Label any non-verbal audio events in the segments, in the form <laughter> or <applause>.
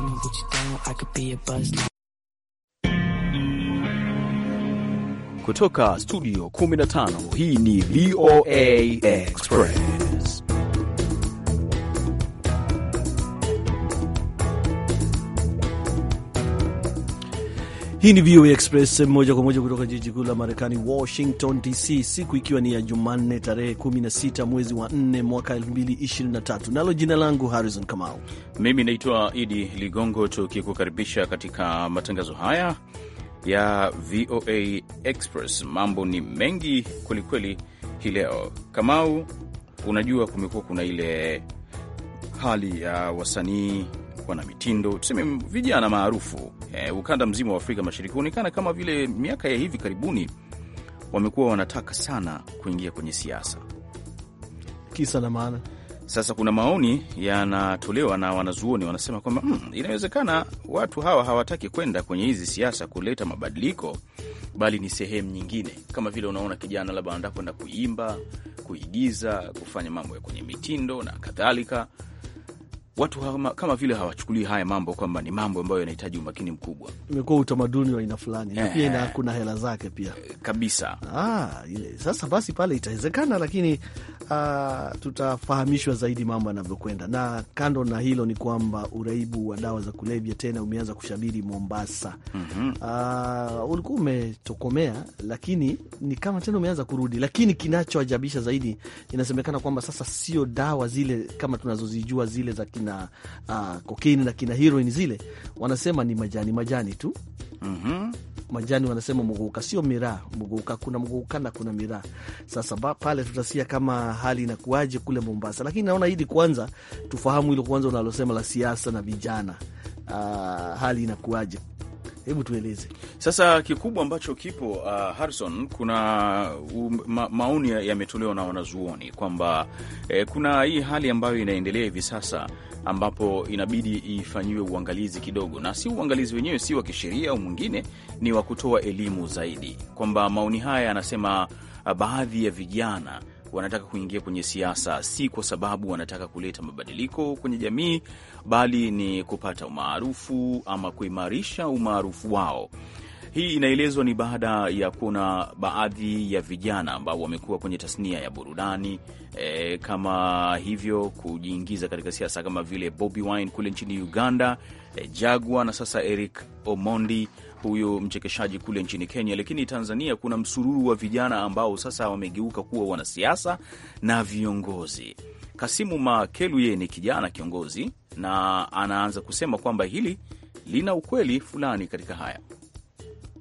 tell me what you down, I could be a buzz. Kutoka studio 15 hii ni VOA Express. Hii ni VOA Express moja kwa moja kutoka jiji kuu la Marekani, Washington DC, siku ikiwa ni ya Jumanne tarehe 16 mwezi wa 4 mwaka 2023, nalo jina langu Harrison Kamau. Mimi naitwa Idi Ligongo, tukikukaribisha katika matangazo haya ya VOA Express. Mambo ni mengi kwelikweli hii leo, Kamau. Unajua kumekuwa kuna ile hali ya wasanii wanamitindo, tuseme vijana maarufu e, ukanda mzima wa Afrika Mashariki, huonekana kama vile miaka ya hivi karibuni wamekuwa wanataka sana kuingia kwenye siasa, kisa na maana. Sasa kuna maoni yanatolewa na wanazuoni, wanasema kwamba mm, inawezekana watu hawa hawataki kwenda kwenye hizi siasa kuleta mabadiliko, bali ni sehemu nyingine. Kama vile unaona kijana labda anataka kwenda kuimba, kuigiza, kufanya mambo ya kwenye mitindo na kadhalika watu hama, kama vile hawachukulii haya mambo kwamba ni mambo ambayo yanahitaji umakini mkubwa. Imekuwa utamaduni wa aina fulani na pia eh. ina, kuna hela zake pia eh, kabisa. Ah, ile sasa basi pale itawezekana, lakini ah, tutafahamishwa zaidi mambo yanavyokwenda. Na kando na hilo ni kwamba uraibu wa dawa za kulevya tena umeanza kushabiri Mombasa. mm -hmm. Ah, ulikuwa umetokomea, lakini ni kama tena umeanza kurudi, lakini kinachoajabisha zaidi inasemekana kwamba sasa sio dawa zile kama tunazozijua zile za kina kina uh, ah, kokaini na kina heroin zile, wanasema ni majani majani tu mm -hmm. Majani wanasema mguuka, sio miraa. Mguuka kuna mguuka na kuna miraa. Sasa ba, pale tutasia kama hali inakuaje kule Mombasa, lakini naona hili kwanza tufahamu hilo kwanza unalosema la siasa na vijana. Uh, hali inakuaje Hebu tueleze sasa kikubwa ambacho kipo uh, Harrison, kuna um, ma, maoni yametolewa na wanazuoni kwamba eh, kuna hii hali ambayo inaendelea hivi sasa ambapo inabidi ifanyiwe uangalizi kidogo, na si uangalizi wenyewe si wa kisheria au mwingine, ni wa kutoa elimu zaidi, kwamba maoni haya yanasema uh, baadhi ya vijana wanataka kuingia kwenye siasa si kwa sababu wanataka kuleta mabadiliko kwenye jamii, bali ni kupata umaarufu ama kuimarisha umaarufu wao. Hii inaelezwa ni baada ya kuona baadhi ya vijana ambao wamekuwa kwenye tasnia ya burudani e, kama hivyo kujiingiza katika siasa kama vile Bobby Wine kule nchini Uganda, e, Jagwa na sasa Eric Omondi huyo mchekeshaji kule nchini Kenya. Lakini Tanzania kuna msururu wa vijana ambao sasa wamegeuka kuwa wanasiasa na viongozi. Kasimu Makelu yeye ni kijana kiongozi, na anaanza kusema kwamba hili lina ukweli fulani katika haya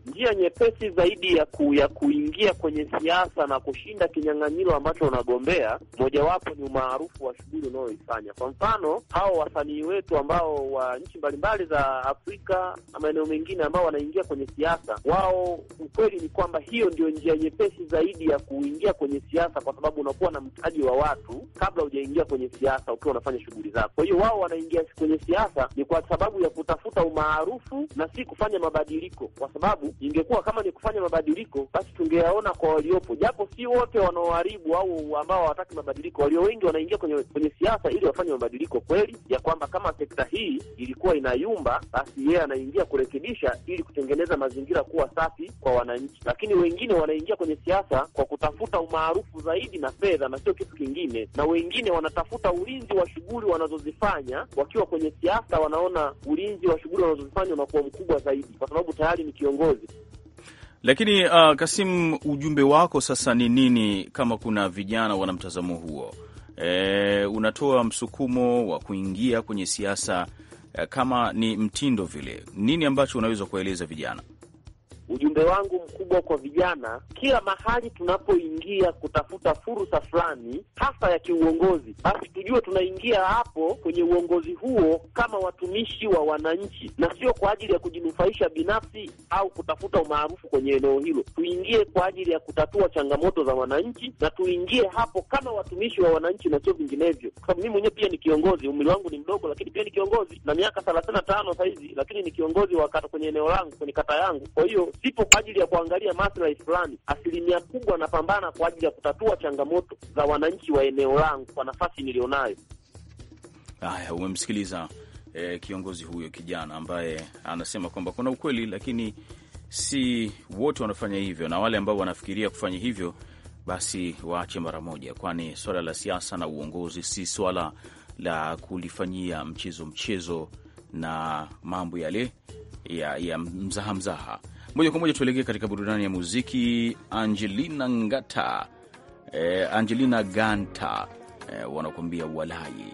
njia nyepesi zaidi ya, ku, ya kuingia kwenye siasa na kushinda kinyang'anyiro ambacho unagombea, mojawapo ni umaarufu wa shughuli unayoifanya. Kwa mfano, hao wasanii wetu ambao wa nchi mbalimbali za Afrika na maeneo mengine ambao wanaingia kwenye siasa, wao ukweli ni kwamba hiyo ndio njia nyepesi zaidi ya kuingia kwenye siasa, kwa sababu unakuwa na mtaji wa watu kabla hujaingia kwenye siasa, ukiwa unafanya shughuli zako. Kwa hiyo wao wanaingia kwenye siasa ni kwa sababu ya kutafuta umaarufu na si kufanya mabadiliko, kwa sababu ingekuwa kama ni kufanya mabadiliko, basi tungeyaona kwa waliopo, japo si wote wanaoharibu au ambao hawataki mabadiliko. Walio wengi wanaingia kwenye kwenye siasa ili wafanye mabadiliko kweli, ya kwamba kama sekta hii ilikuwa inayumba, basi yeye anaingia kurekebisha ili kutengeneza mazingira kuwa safi kwa wananchi. Lakini wengine wanaingia kwenye siasa kwa kutafuta umaarufu zaidi na fedha na sio kitu kingine, na wengine wanatafuta ulinzi wa shughuli wanazozifanya wakiwa kwenye siasa. Wanaona ulinzi wa shughuli wanazozifanya unakuwa mkubwa zaidi, kwa sababu tayari ni kiongozi. Lakini uh, Kasim, ujumbe wako sasa ni nini, kama kuna vijana wana mtazamo huo? E, unatoa msukumo wa kuingia kwenye siasa eh, kama ni mtindo vile, nini ambacho unaweza kuwaeleza vijana? ujumbe wangu mkubwa kwa vijana, kila mahali tunapoingia kutafuta fursa fulani, hasa ya kiuongozi, basi tujue tunaingia hapo kwenye uongozi huo kama watumishi wa wananchi, na sio kwa ajili ya kujinufaisha binafsi au kutafuta umaarufu kwenye eneo hilo. Tuingie kwa ajili ya kutatua changamoto za wananchi, na tuingie hapo kama watumishi wa wananchi na sio vinginevyo, kwa sababu mimi mwenyewe pia ni kiongozi. Umri wangu ni mdogo, lakini pia ni kiongozi na miaka thelathini na tano sahizi, lakini ni kiongozi wa kata kwenye eneo langu, kwenye kata yangu. Kwa hiyo sipo kwa ajili ya kuangalia maslahi fulani. Asilimia kubwa napambana kwa ajili ya kutatua changamoto za wananchi wa eneo langu kwa nafasi nilionayo. Haya, umemsikiliza eh, kiongozi huyo kijana ambaye anasema kwamba kuna ukweli, lakini si wote wanafanya hivyo, na wale ambao wanafikiria kufanya hivyo basi waache mara moja, kwani swala la siasa na uongozi si swala la kulifanyia mchezo mchezo na mambo yale ya, ya mzahamzaha. Moja kwa moja tuelekee katika burudani ya muziki. Angelina Ngata, eh, Angelina Ganta eh, wanakuambia walai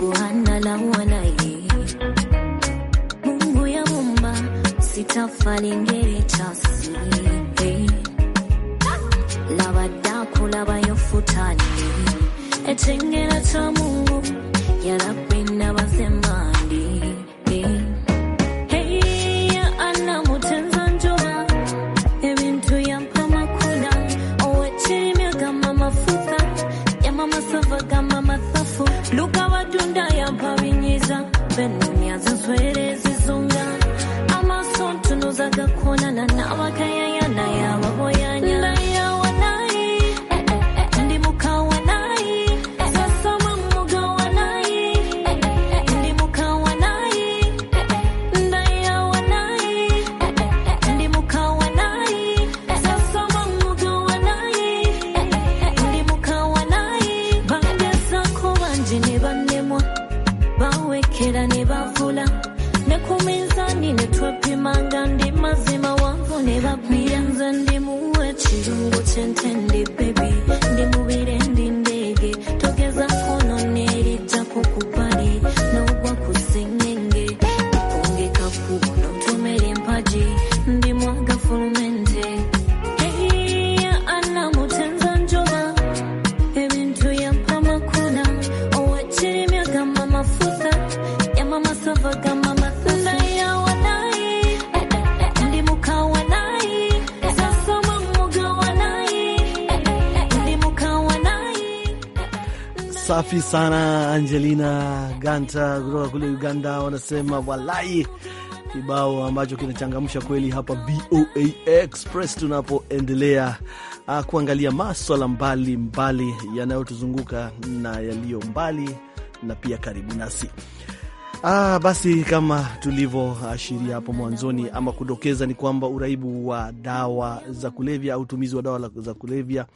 Bwana la walai, Mungu ya mumba sitafali chasi hey, la wadaku la sana Angelina Ganta kutoka kule Uganda, wanasema walai kibao ambacho kinachangamsha kweli hapa VOA Express tunapoendelea ah, kuangalia maswala mbalimbali yanayotuzunguka na yaliyo mbali na pia karibu nasi. Ah, basi kama tulivyoashiria hapo mwanzoni ama kudokeza ni kwamba uraibu wa dawa za kulevya au utumizi wa dawa za kulevya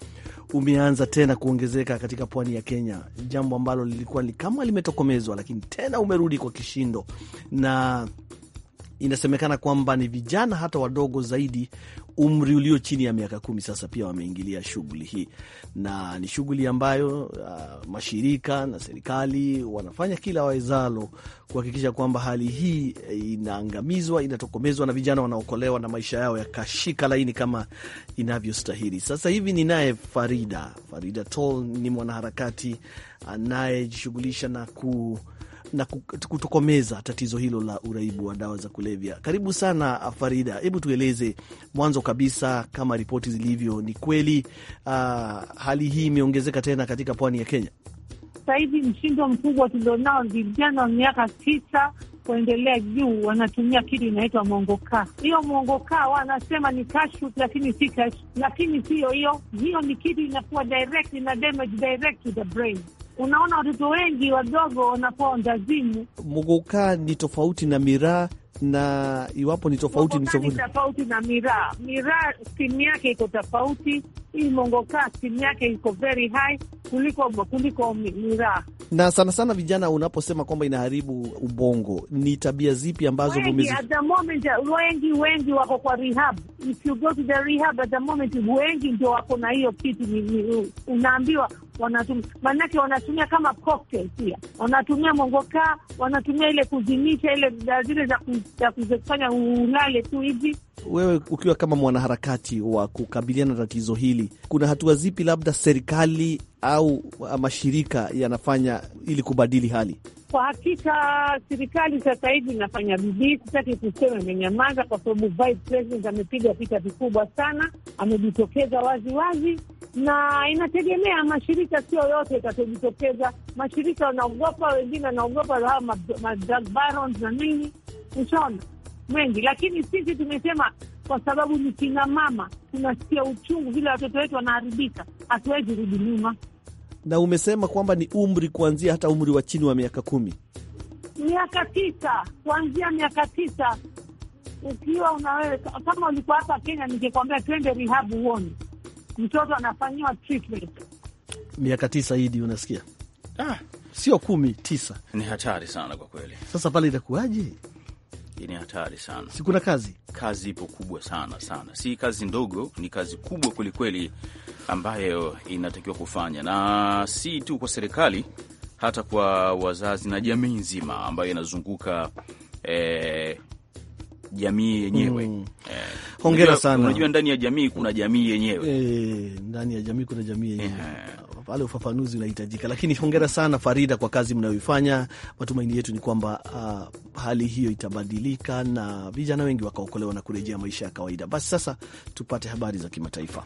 umeanza tena kuongezeka katika pwani ya Kenya, jambo ambalo lilikuwa ni kama limetokomezwa, lakini tena umerudi kwa kishindo na inasemekana kwamba ni vijana hata wadogo zaidi umri ulio chini ya miaka kumi sasa pia wameingilia shughuli hii, na ni shughuli ambayo uh, mashirika na serikali wanafanya kila wawezalo kuhakikisha kwamba hali hii eh, inaangamizwa, inatokomezwa na vijana wanaokolewa na maisha yao yakashika laini kama inavyostahili. Sasa hivi ninaye Farida Farida Tol, ni mwanaharakati anayejishughulisha na ku na kutokomeza tatizo hilo la uraibu wa dawa za kulevya. Karibu sana Farida, hebu tueleze mwanzo kabisa, kama ripoti zilivyo, ni kweli uh, hali hii imeongezeka tena katika pwani ya Kenya? Sasa hivi mshindo mkubwa tulionao, vijana wa miaka tisa kuendelea juu wanatumia kitu inaitwa mongokaa. Hiyo mwongoka wanasema ni kashu, lakini si kashu, lakini siyo hiyo hiyo. Ni kitu inakuwa direct, ina damage direct to the brain unaona watoto wengi wadogo wanakuwa wandazimu. Muguka ni tofauti na miraa na iwapo ni tofauti ni tofauti na miraa. Miraa simu yake iko tofauti, hii mongokaa simu yake iko very high kuliko kuliko miraa. Na sana sana vijana, unaposema kwamba inaharibu ubongo, ni tabia zipi ambazo wengi, at the moment, wengi wengi wako kwa rehab. If you go to the rehab at the moment, wengi ndio wako na hiyo kitu, unaambiwa wanatumia maanake, wanatumia kama cocktail pia, wanatumia mongokaa, wanatumia ile kuzimisha ile zile za kufanya ulale tu hivi. Wewe ukiwa kama mwanaharakati wa kukabiliana na tatizo hili, kuna hatua zipi labda serikali au uh, mashirika yanafanya ili kubadili hali? Kwa hakika serikali sasa hivi inafanya bidii, sitaki kusema imenyamaza, kwa sababu vice president amepiga vita vikubwa sana, amejitokeza waziwazi na inategemea mashirika, sio yote itatojitokeza Mashirika wanaogopa, wengine wanaogopa hawa madrug barons na nini, ushaona mengi. Lakini sisi tumesema kwa sababu ni kina mama, tunasikia uchungu vile watoto wetu wanaharibika, hatuwezi rudi nyuma. Na umesema kwamba ni umri kuanzia hata umri wa chini wa miaka kumi, miaka tisa, kuanzia miaka tisa ukiwa unaweza. Kama ulikuwa hapa Kenya, ningekwambia twende rehab uone mtoto anafanyiwa treatment miaka tisa hidi, unasikia ah. Sio kumi, tisa. Ni hatari sana kwa kweli. Sasa pale itakuwaje? Ni hatari sana, si kuna kazi, kazi ipo kubwa sana sana, si kazi ndogo, ni kazi kubwa kwelikweli ambayo inatakiwa kufanya, na si tu kwa serikali, hata kwa wazazi na jamii nzima ambayo inazunguka eh, jamii yenyewe mm. eh, hongera sana. Unajua, ndani ya jamii kuna jamii yenyewe e, ndani ya jamii kuna jamii yenyewe yeah. Pale ufafanuzi unahitajika, lakini hongera sana Farida kwa kazi mnayoifanya. Matumaini yetu ni kwamba uh, hali hiyo itabadilika na vijana wengi wakaokolewa na kurejea maisha ya kawaida. Basi sasa tupate habari za kimataifa.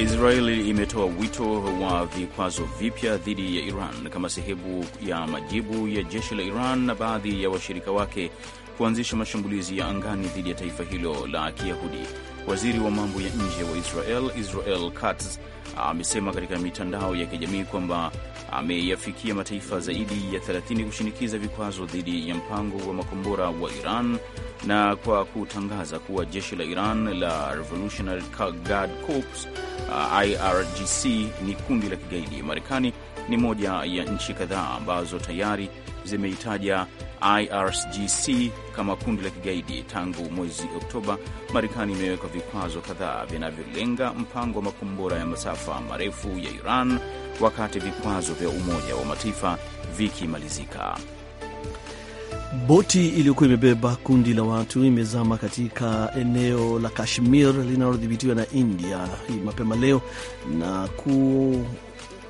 Israeli imetoa wito wa vikwazo vipya dhidi ya Iran kama sehemu ya majibu ya jeshi la Iran na baadhi ya washirika wake kuanzisha mashambulizi ya angani dhidi ya taifa hilo la Kiyahudi. Waziri wa mambo ya nje wa Israel Israel Katz amesema katika mitandao ya kijamii kwamba ameyafikia mataifa zaidi ya 30 kushinikiza vikwazo dhidi ya mpango wa makombora wa Iran na kwa kutangaza kuwa jeshi la Iran la Revolutionary Guard Corps uh, IRGC ni kundi la kigaidi. Marekani ni moja ya nchi kadhaa ambazo tayari zimeitaja IRGC kama kundi la kigaidi. Tangu mwezi Oktoba, Marekani imeweka vikwazo kadhaa vinavyolenga mpango wa makombora ya masafa marefu ya Iran wakati vikwazo vya Umoja wa Mataifa vikimalizika. Boti iliyokuwa imebeba kundi la watu imezama katika eneo la Kashmir linalodhibitiwa na India mapema leo na ku,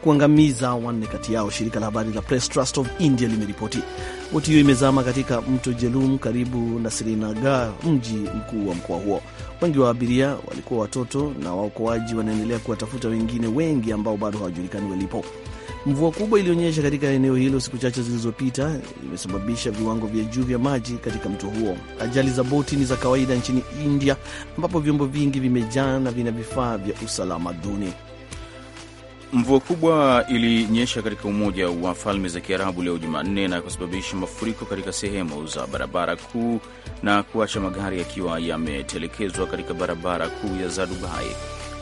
kuangamiza wanne kati yao, shirika la habari la Press Trust of India limeripoti. Boti hiyo imezama katika mto Jelum karibu na Srinagar, mji mkuu wa mkoa huo. Wengi wa abiria walikuwa watoto na waokoaji wanaendelea kuwatafuta wengine wengi ambao bado hawajulikani walipo. Mvua kubwa ilionyesha katika eneo hilo siku chache zilizopita imesababisha viwango vya juu vya maji katika mto huo. Ajali za boti ni za kawaida nchini India, ambapo vyombo vingi vimejaa na vina vifaa vya usalama duni. Mvua kubwa ilinyesha katika Umoja wa Falme za Kiarabu leo Jumanne na kusababisha mafuriko katika sehemu za barabara kuu na kuacha magari yakiwa yametelekezwa katika barabara kuu ya za Dubai.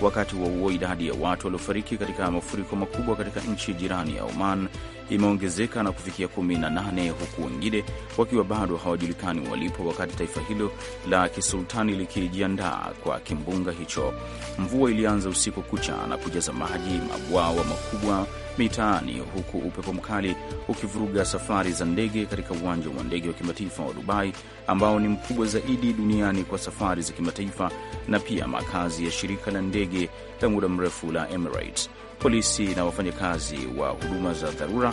Wakati huo huo, idadi ya watu waliofariki katika mafuriko makubwa katika nchi jirani ya Oman imeongezeka na kufikia 18 huku wengine wakiwa bado hawajulikani walipo, wakati taifa hilo la kisultani likijiandaa kwa kimbunga hicho. Mvua ilianza usiku kucha na kujaza maji mabwawa makubwa mitaani, huku upepo mkali ukivuruga safari za ndege katika uwanja wa ndege wa kimataifa wa Dubai ambao ni mkubwa zaidi duniani kwa safari za kimataifa na pia makazi ya shirika la ndege la muda mrefu la Emirates. Polisi na wafanyakazi wa huduma za dharura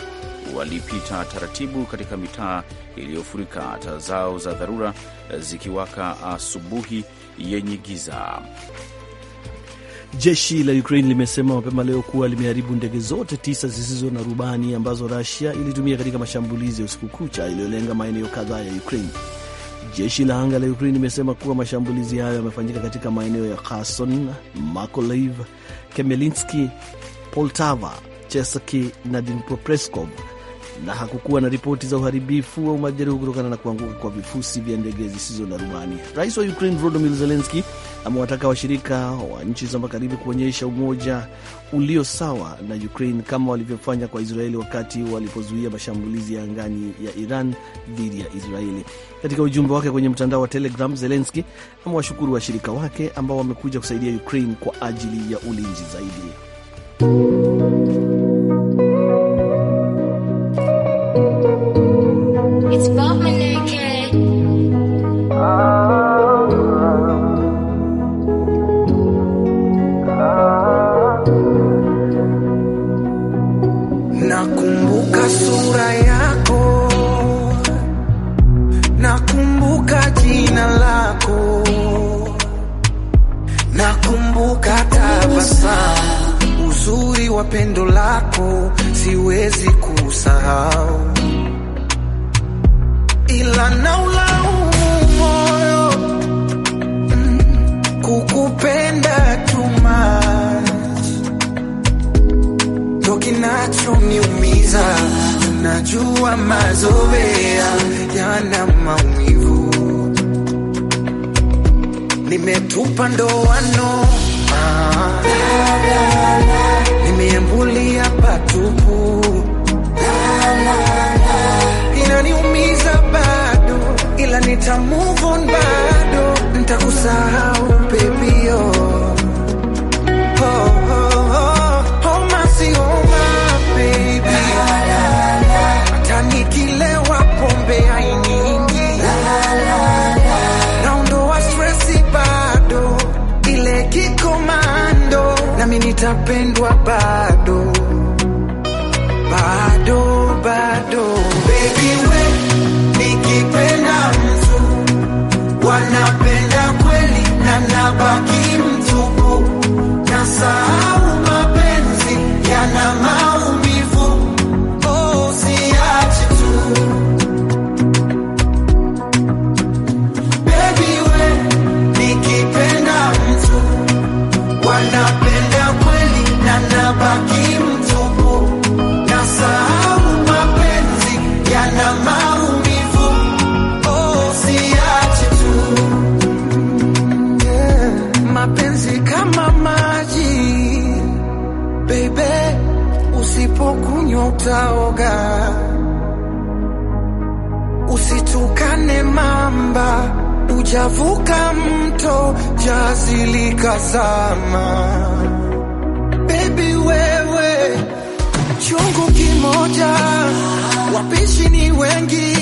walipita taratibu katika mitaa iliyofurika, taa zao za dharura zikiwaka asubuhi yenye giza. Jeshi la Ukraine limesema mapema leo kuwa limeharibu ndege zote tisa zisizo na rubani ambazo rasia ilitumia katika mashambulizi ya usiku kucha iliyolenga maeneo kadhaa ya Ukraine. Jeshi la anga la Ukraine limesema kuwa mashambulizi hayo yamefanyika katika maeneo ya Kherson, Mykolaiv, kemelinski Poltava, Chesky na Dnipropetrovsk na hakukuwa na ripoti za uharibifu au majeruhi kutokana na kuanguka kwa vifusi vya ndege zisizo na rubani. Rais wa Ukraine Volodymyr Zelensky amewataka washirika wa nchi za magharibi kuonyesha umoja ulio sawa na Ukraine kama walivyofanya kwa Israeli wakati walipozuia mashambulizi ya angani ya Iran dhidi ya Israeli. Katika ujumbe wake kwenye mtandao wa Telegram, Zelensky amewashukuru washirika wake ambao wamekuja kusaidia Ukraine kwa ajili ya ulinzi zaidi. pendo lako siwezi kusahau, ila naulaumu moyo kukupenda too much, ndo kinachoniumiza. Najua mazoea yana maumivu, nimetupa ndoano ah. Nimeambulia patupu, inaniumiza bado, ila nita move on, bado nitakusahau sijapendwa bado, bado, bado. Baby we, nikipenda mtu wanapenda kweli na nabaki Javuka mto, jazilika sana Baby wewe, chungu kimoja, wapishi ni wengi,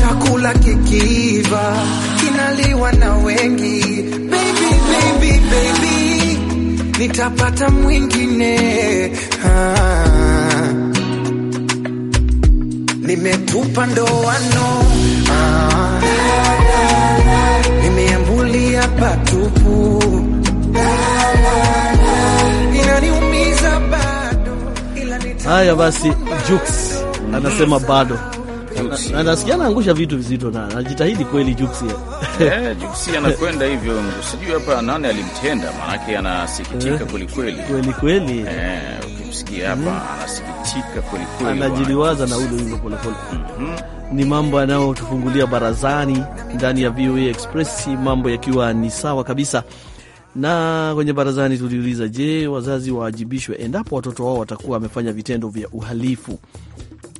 chakula kikiva kinaliwa na wengi. Baby, baby, baby, nitapata mwingine ah. Nimetupa ndoano ah nimeambulia patupu, Haya basi, Jux anasema bado anasikia anaangusha vitu vizito na anajitahidi kweli Juksi. <laughs> Eh, anakwenda hivyo, sijui hapa nani alimtenda, maanake anasikitika eh. kweli kweli kweli kweli. Eh, ukimsikia hapa mm-hmm. anasikia anashika kwelikweli, anajiliwaza na ule wimbo polepole. mm -hmm. Ni mambo yanayotufungulia barazani ndani ya VOA Express, mambo yakiwa ni sawa kabisa na kwenye barazani tuliuliza, je, wazazi waajibishwe endapo watoto wao watakuwa wamefanya vitendo vya uhalifu?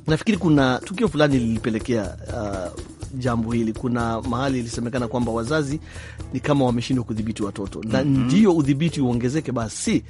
Nafikiri kuna tukio fulani lilipelekea uh, jambo hili. Kuna mahali ilisemekana kwamba wazazi ni kama wameshindwa kudhibiti watoto na mm -hmm. ndio udhibiti uongezeke, basi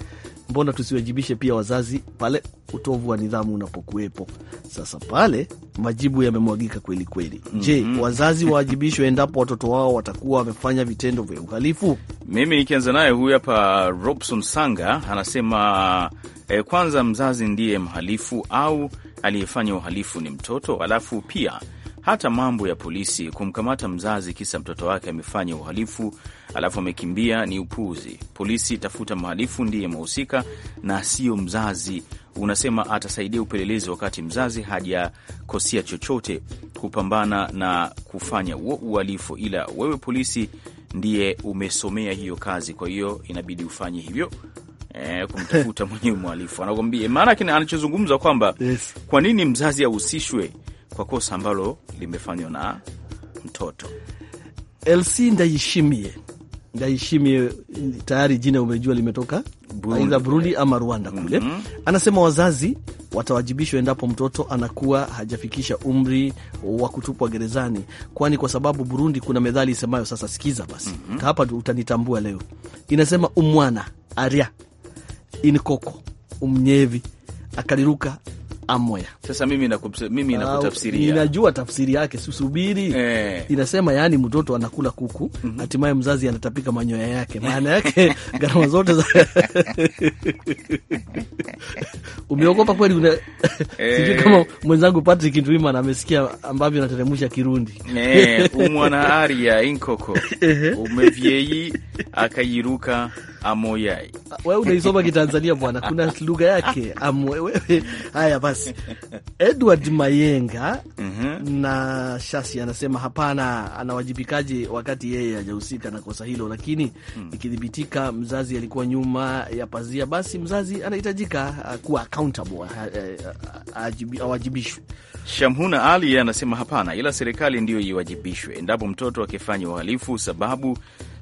mbona tusiwajibishe pia wazazi pale utovu wa nidhamu unapokuwepo? Sasa pale majibu yamemwagika kweli kweli. Mm -hmm. Je, mhm. wazazi wawajibishwe endapo watoto wao watakuwa wamefanya vitendo vya uhalifu? Mimi nikianza naye huyu hapa Robson Sanga anasema eh, kwanza mzazi ndiye mhalifu au aliyefanya uhalifu ni mtoto, alafu pia hata mambo ya polisi kumkamata mzazi kisa mtoto wake amefanya uhalifu alafu amekimbia ni upuuzi. Polisi tafuta mhalifu, ndiye mhusika na sio mzazi. Unasema atasaidia upelelezi wakati mzazi hajakosea chochote kupambana na kufanya uhalifu, ila wewe polisi ndiye umesomea hiyo kazi, kwa hiyo inabidi ufanye hivyo. E, kumtafuta <laughs> mwenyewe mhalifu anakwambia, maanake anachozungumza kwamba yes. Kwa nini mzazi ahusishwe kwa kosa ambalo limefanywa na mtoto. LC Ndayishimiye, Ndayishimiye tayari jina umejua limetoka aidha Burundi ama Rwanda kule. mm -hmm. Anasema wazazi watawajibishwa endapo mtoto anakuwa hajafikisha umri wa kutupwa gerezani, kwani kwa sababu Burundi kuna methali isemayo, sasa sikiza basi mm -hmm. hapa utanitambua leo, inasema umwana arya inkoko umnyevi akaliruka Amwea. Sasa mimi Mimi ah, nakutafsiria. Ninajua tafsiri yake, susubiri. eh. Inasema yaani mtoto anakula kuku, mm hatimaye mzazi anatapika manyoya yake. Maana yake <laughs> gharama zote za <laughs> Umeogopa kweli una... eh. <laughs> Sijui kama mwenzangu Patrick Ndwimana amesikia ambavyo anateremsha Kirundi. Eh, umwana aria inkoko. Umevyei akairuka Amoyai. Wewe unaisoma Kitanzania bwana, kuna lugha yake amwewewe. Haya basi, Edward Mayenga mm -hmm. na Shasi anasema hapana, anawajibikaje wakati yeye hajahusika na kosa hilo? Lakini mm. ikithibitika mzazi alikuwa nyuma ya pazia, basi mzazi anahitajika kuwa accountable, eh, awajibishwe. Shamhuna Ali anasema hapana, ila serikali ndiyo iwajibishwe endapo mtoto akifanya uhalifu, sababu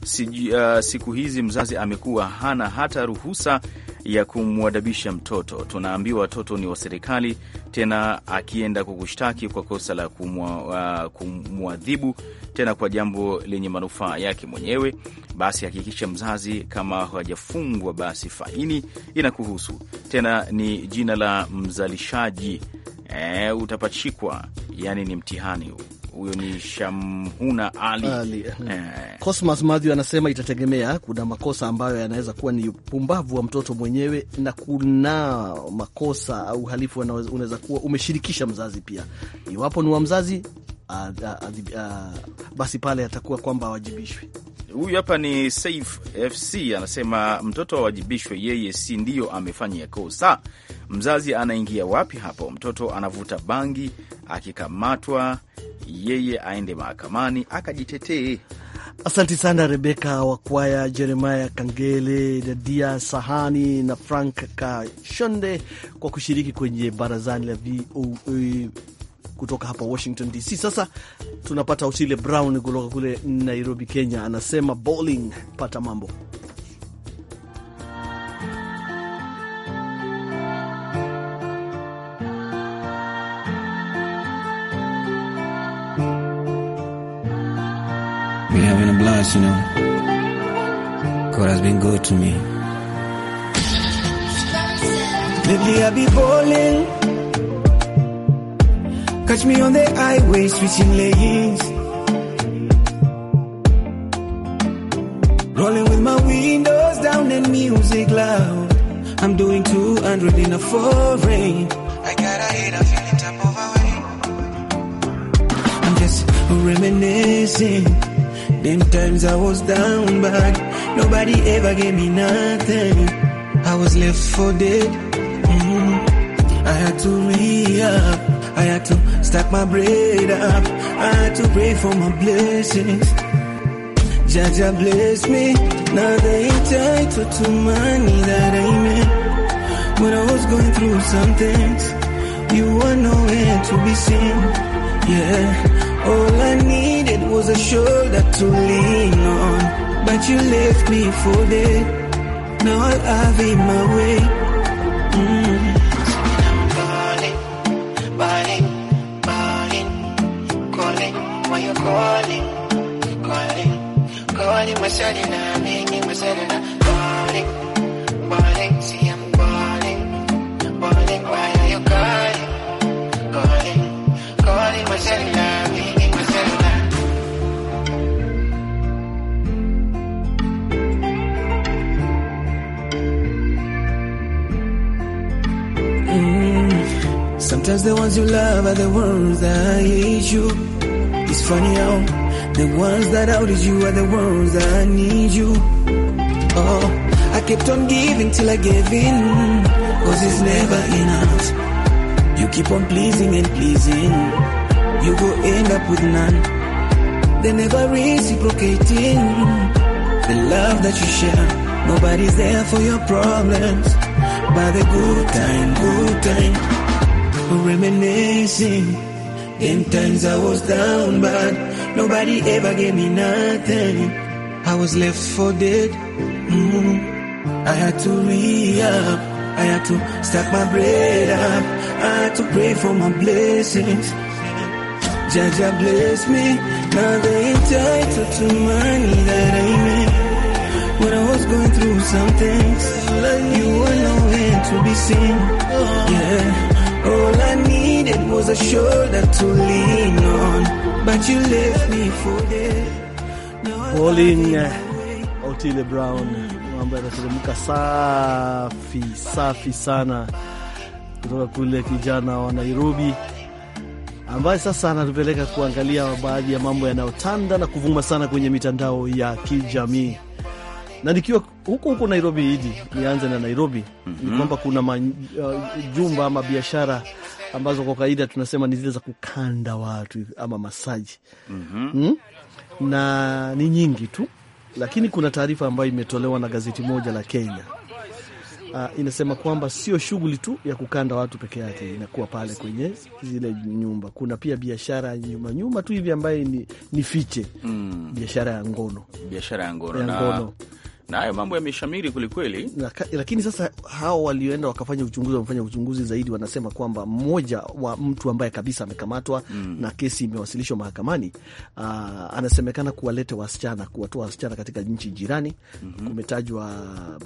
si, uh, siku hizi mzazi amekuwa hana hata ruhusa ya kumwadabisha mtoto. Tunaambiwa watoto ni wa serikali, tena akienda kukushtaki kwa kosa la uh, kumwadhibu uh, tena kwa jambo lenye manufaa yake mwenyewe, basi hakikisha mzazi, kama hajafungwa basi faini inakuhusu. Tena ni jina la mzalishaji e, utapachikwa. Yani ni mtihani huu huyo ni Shamhuna Ali, Ali. Eh. Cosmas Mathew anasema itategemea, kuna makosa ambayo yanaweza kuwa ni upumbavu wa mtoto mwenyewe na kuna makosa au uhalifu unaweza kuwa umeshirikisha mzazi pia. Iwapo ni wa mzazi, basi pale atakuwa kwamba awajibishwi. Huyu hapa ni Saif FC anasema mtoto awajibishwe, yeye si ndiyo amefanya kosa. Mzazi anaingia wapi hapo? Mtoto anavuta bangi, akikamatwa yeye aende mahakamani akajitetee. asanti sana Rebeka Wakwaya, Jeremaya Kangele, Dadia Sahani na Frank Kashonde kwa kushiriki kwenye barazani la VOA kutoka hapa Washington DC. Sasa tunapata Otile Brown kutoka kule Nairobi, Kenya, anasema bowling, pata mambo Catch me on the highway switching lanes. Rolling with my windows down and music loud. I'm doing 200 in a foreign. I got a hit, I'm feeling top way. I'm just reminiscing. Them times I was down bad. Nobody ever gave me nothing. I was left for dead. Mm-hmm. I had to re I had to stack my bread up. I had to pray for my blessings. Jaja bless me. Now they entitled to money that I made. When I was going through some things, you were nowhere to be seen. Yeah, all I needed was a shoulder to lean on. But you left me for dead. Now I'll have it my way. Mm -hmm. calling, calling, calling my my calling, calling. See, I'm calling, calling. are calling, calling, calling my my Sometimes the ones you love are the ones that hate you funny how the ones that outed you are the ones that need you. Oh, I kept on giving till I gave in, cause it's never enough. You keep on pleasing and pleasing, you will end up with none. They never reciprocating the love that you share. Nobody's there for your problems, but the good time, good time, reminiscing. In times I was down bad, nobody ever gave me nothing. I was left for dead. Mm. I had to re up, I had to stack my bread up, I had to pray for my blessings. Judge, bless me, now they entitled to money that I made. When I was going through some things, you were nowhere to be seen. Yeah, all I need. needed was a shoulder to lean on, but you left me for dead. No, eh? Otile Brown, mambo yanateremka safi safi sana kutoka kule kijana wa Nairobi ambaye sasa anatupeleka kuangalia baadhi ya mambo yanayotanda na kuvuma sana kwenye mitandao ya kijamii na nikiwa huku huku Nairobi idi nianze na Nairobi mm -hmm. ni mhm. kwamba kuna majumba uh, ama biashara ambazo kwa kawaida tunasema ni zile za kukanda watu ama masaji mm -hmm. mm? na ni nyingi tu, lakini kuna taarifa ambayo imetolewa na gazeti moja la Kenya uh, inasema kwamba sio shughuli tu ya kukanda watu peke yake inakuwa pale kwenye zile nyumba. Kuna pia biashara nyuma nyuma tu hivi ambaye ni, ni fiche mm. biashara ya ngono, biashara ya ngono, ya ngono. Na na hayo mambo yameshamiri kwelikweli. Lakini sasa hao walioenda wakafanya uchunguzi, wamefanya uchunguzi zaidi, wanasema kwamba mmoja wa mtu ambaye kabisa amekamatwa mm. na kesi imewasilishwa mahakamani, uh, anasemekana kuwaleta wasichana, kuwatoa wasichana katika nchi jirani mm -hmm. kumetajwa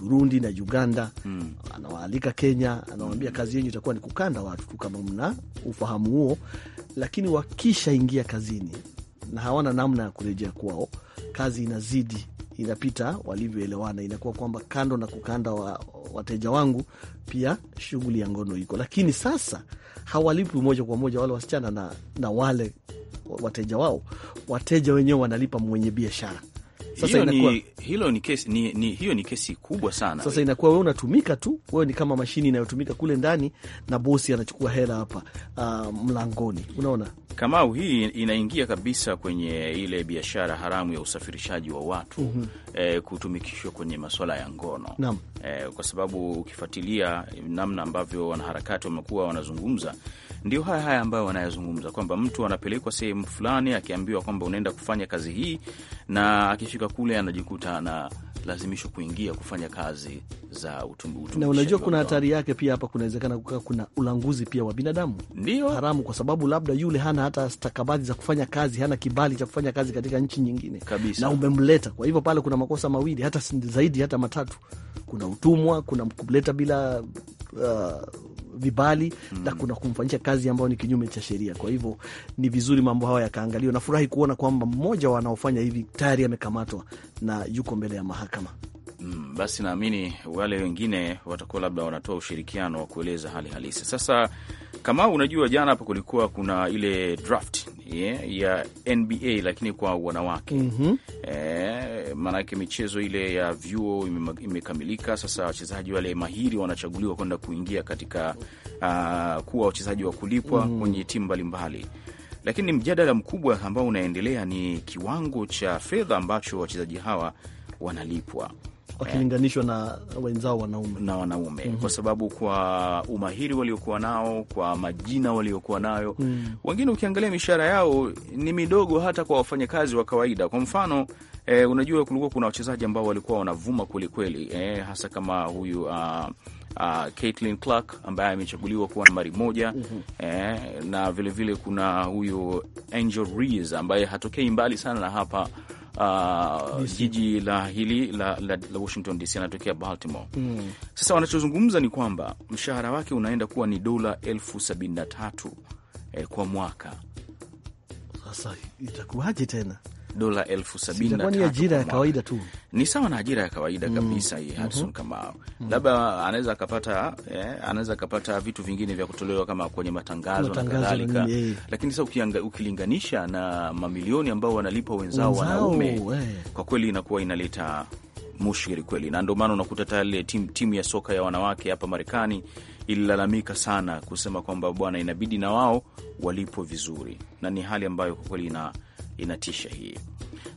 Burundi na Uganda mm. anawaalika Kenya, anawaambia mm. kazi yenyu itakuwa ni kukanda watu tu, kama mna ufahamu huo, lakini wakishaingia kazini na hawana namna ya kurejea kwao, kazi inazidi inapita walivyoelewana, inakuwa kwamba kando na kukanda wa, wateja wangu pia shughuli ya ngono iko, lakini sasa hawalipi moja kwa moja wale wasichana na, na wale wateja wao, wateja wenyewe wanalipa mwenye biashara sasa hiyo inakuwa... ni, hilo ni kesi, ni, ni, hiyo ni kesi kubwa sana. Sasa inakuwa wewe unatumika tu, wewe ni kama mashini inayotumika kule ndani na bosi anachukua hela hapa uh, mlangoni. Unaona Kamau, hii inaingia kabisa kwenye ile biashara haramu ya usafirishaji wa watu mm -hmm. eh, kutumikishwa kwenye masuala ya ngono naam. Eh, kwa sababu ukifuatilia namna ambavyo wanaharakati wamekuwa wanazungumza ndio haya haya ambayo wanayazungumza kwamba mtu anapelekwa sehemu fulani akiambiwa kwamba unaenda kufanya kazi hii, na akifika kule anajikuta analazimishwa kuingia kufanya kazi za utumishi. Na unajua kuna hatari yake pia, hapa kunawezekana kuna ulanguzi pia wa binadamu, ndio haramu, kwa sababu labda yule hana hata stakabadhi za kufanya kazi, hana kibali cha kufanya kazi katika nchi nyingine kabisa, na umemleta. Kwa hivyo pale kuna makosa mawili, hata zaidi, hata matatu. Kuna utumwa, kuna kumleta bila uh, vibali mm. na kuna kumfanyisha kazi ambayo ni kinyume cha sheria. Kwa hivyo ni vizuri mambo hayo yakaangaliwa. Nafurahi kuona kwamba mmoja wanaofanya hivi tayari amekamatwa na yuko mbele ya mahakama. Mm, basi naamini wale wengine watakuwa labda wanatoa ushirikiano wa kueleza hali halisi. Sasa kama unajua, jana hapa kulikuwa kuna ile draft yeah, ya NBA lakini kwa wanawake mm -hmm. E, maanake michezo ile ya vyuo imekamilika. Sasa wachezaji wale mahiri wanachaguliwa kwenda kuingia katika uh, kuwa wachezaji wa kulipwa mm -hmm. kwenye timu mbalimbali lakini mjadala mkubwa ambao unaendelea ni kiwango cha fedha ambacho wachezaji hawa wanalipwa wakilinganishwa na wenzao wanaume na wanaume mm -hmm. kwa sababu kwa umahiri waliokuwa nao, kwa majina waliokuwa nayo mm -hmm. wengine ukiangalia mishahara yao ni midogo hata kwa wafanyakazi wa kawaida. Kwa mfano eh, unajua kulikuwa kuna wachezaji ambao walikuwa wanavuma kwelikweli eh, hasa kama huyu uh, Uh, Caitlin Clark ambaye amechaguliwa kuwa nambari moja mm -hmm. eh, na vilevile vile kuna huyu Angel Reese ambaye hatokei mbali sana na hapa uh, jiji la hili la, la, la Washington DC, anatokea Baltimore mm. Sasa wanachozungumza ni kwamba mshahara wake unaenda kuwa ni dola elfu sabini na tatu eh, kwa mwaka. Sasa itakuwaje tena? dola elfu sabini na tatu. Ajira ya kawaida tu ni sawa na ajira ya kawaida mm. kabisa hii. Harison mhm. Kamau mm. labda anaweza akapata eh, anaweza akapata vitu vingine vya kutolewa kama kwenye matangazo na kadhalika, eh. lakini sasa ukilinganisha na mamilioni ambao wanalipa wenzao wanaume, eh. kwa kweli inakuwa inaleta mushkiri kweli, na ndio maana unakuta tayari tim, timu ya soka ya wanawake hapa Marekani ililalamika sana kusema kwamba bwana, inabidi na wao walipwe vizuri, na ni hali ambayo kwa kweli ina inatisha hii.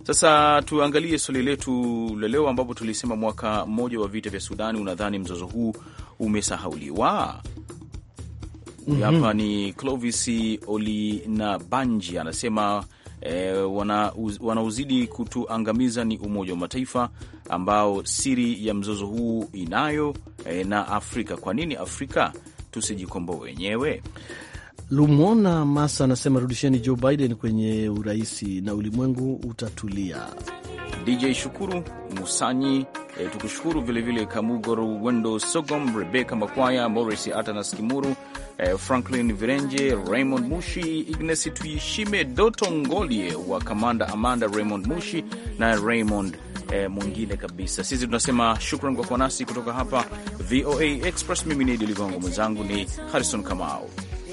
Sasa tuangalie swali letu la leo, ambapo tulisema mwaka mmoja wa vita vya Sudani, unadhani mzozo huu umesahauliwa? mm -hmm. Hapa ni Clovis Olinabanji anasema E, wanaozidi wana kutuangamiza ni Umoja wa Mataifa ambao siri ya mzozo huu inayo e, na Afrika. Kwa nini Afrika tusijikomboa wenyewe? Lumwona Masa anasema rudisheni Joe Biden kwenye uraisi na ulimwengu utatulia. DJ Shukuru Musanyi e, tukushukuru vilevile Kamugoro Wendo Sogom, Rebeka Makwaya, Moris Atanas Kimuru, e, Franklin Virenje, Raymond Mushi, Ignesi Tuishime, Doto Ngolie wa Kamanda Amanda, Raymond Mushi na Raymond e, mwingine kabisa. Sisi tunasema shukran kwa kuwa nasi kutoka hapa VOA Express. Mimi ni Idi Ligongo, mwenzangu ni Harrison Kamau.